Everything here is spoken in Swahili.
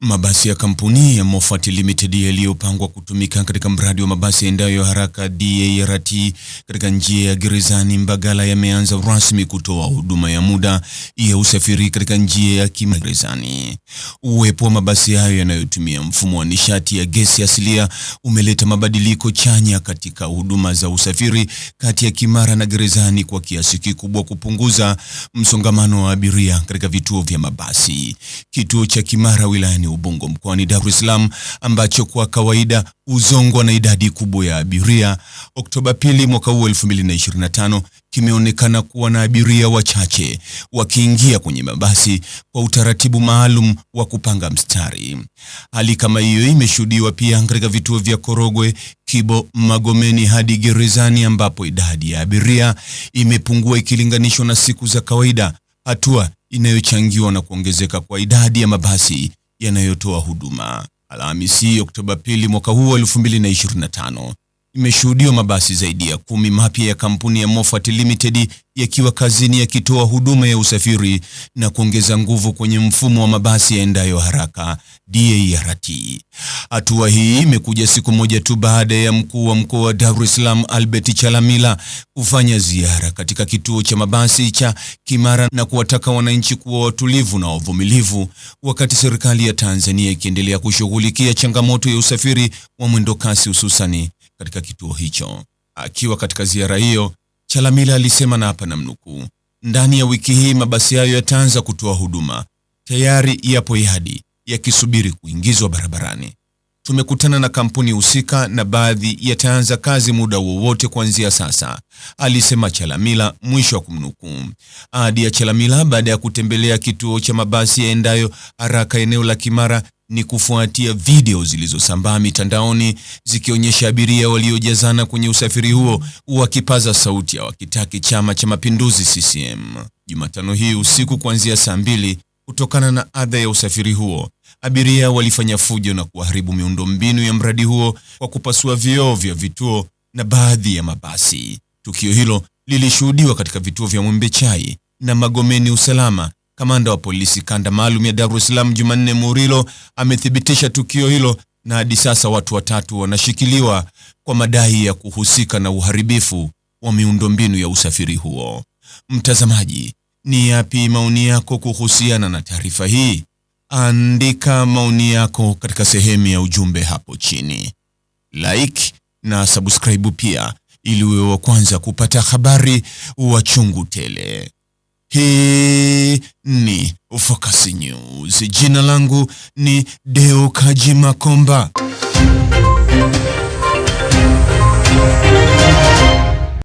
Mabasi ya kampuni ya Moffat Limited yaliyopangwa kutumika katika mradi wa mabasi yaendayo haraka DART katika njia ya Gerezani Mbagala yameanza rasmi kutoa huduma ya muda ya usafiri katika njia ya Kimagerezani. Uwepo wa mabasi hayo yanayotumia mfumo wa nishati ya gesi asilia umeleta mabadiliko chanya katika huduma za usafiri kati ya Kimara na Gerezani kwa kiasi kikubwa kupunguza msongamano wa abiria katika vituo vya mabasi. Kituo cha Kimara wilayani mjini Ubungo mkoani Dar es Salaam ambacho kwa kawaida huzongwa na idadi kubwa ya abiria, Oktoba pili mwaka huu 2025 kimeonekana kuwa na abiria wachache wakiingia kwenye mabasi kwa utaratibu maalum wa kupanga mstari. Hali kama hiyo imeshuhudiwa pia katika vituo vya Korogwe, Kibo, Magomeni hadi Gerezani ambapo idadi ya abiria imepungua ikilinganishwa na siku za kawaida, hatua inayochangiwa na kuongezeka kwa idadi ya mabasi yanayotoa huduma. Alhamisi Oktoba pili mwaka huu 2025 imeshuhudiwa mabasi zaidi ya kumi mapya ya kampuni ya Moffat Limited yakiwa kazini yakitoa huduma ya usafiri na kuongeza nguvu kwenye mfumo wa mabasi yaendayo haraka DART. Hatua hii imekuja siku moja tu baada ya mkuu wa mkoa wa Dar es Salaam Albert Chalamila kufanya ziara katika kituo cha mabasi cha Kimara na kuwataka wananchi kuwa watulivu na wavumilivu wakati serikali ya Tanzania ikiendelea kushughulikia changamoto ya usafiri wa mwendo kasi hususani katika kituo hicho. Akiwa katika ziara hiyo, Chalamila alisema, na hapa namnukuu, ndani ya wiki hii mabasi hayo yataanza kutoa huduma. Tayari yapo yadi yakisubiri kuingizwa barabarani. Tumekutana na kampuni husika na baadhi yataanza kazi muda wowote kuanzia sasa, alisema Chalamila, mwisho wa kumnukuu. Ahadi ya Chalamila baada ya kutembelea kituo cha mabasi yaendayo haraka eneo la Kimara ni kufuatia video zilizosambaa mitandaoni zikionyesha abiria waliojazana kwenye usafiri huo wakipaza sauti ya wakitaki Chama cha Mapinduzi CCM. Jumatano hii usiku kuanzia saa mbili, kutokana na adha ya usafiri huo, abiria walifanya fujo na kuharibu miundombinu ya mradi huo kwa kupasua vioo vya vituo na baadhi ya mabasi. Tukio hilo lilishuhudiwa katika vituo vya Mwembechai na Magomeni Usalama Kamanda wa polisi kanda maalum ya Dar es Salaam Jumanne Murilo amethibitisha tukio hilo na hadi sasa watu watatu wanashikiliwa kwa madai ya kuhusika na uharibifu wa miundombinu ya usafiri huo. Mtazamaji, ni yapi maoni yako kuhusiana na taarifa hii? Andika maoni yako katika sehemu ya ujumbe hapo chini. Like na subscribe pia ili uwe wa kwanza kupata habari wa chungu tele. Jina langu ni Deo Kaji Makomba.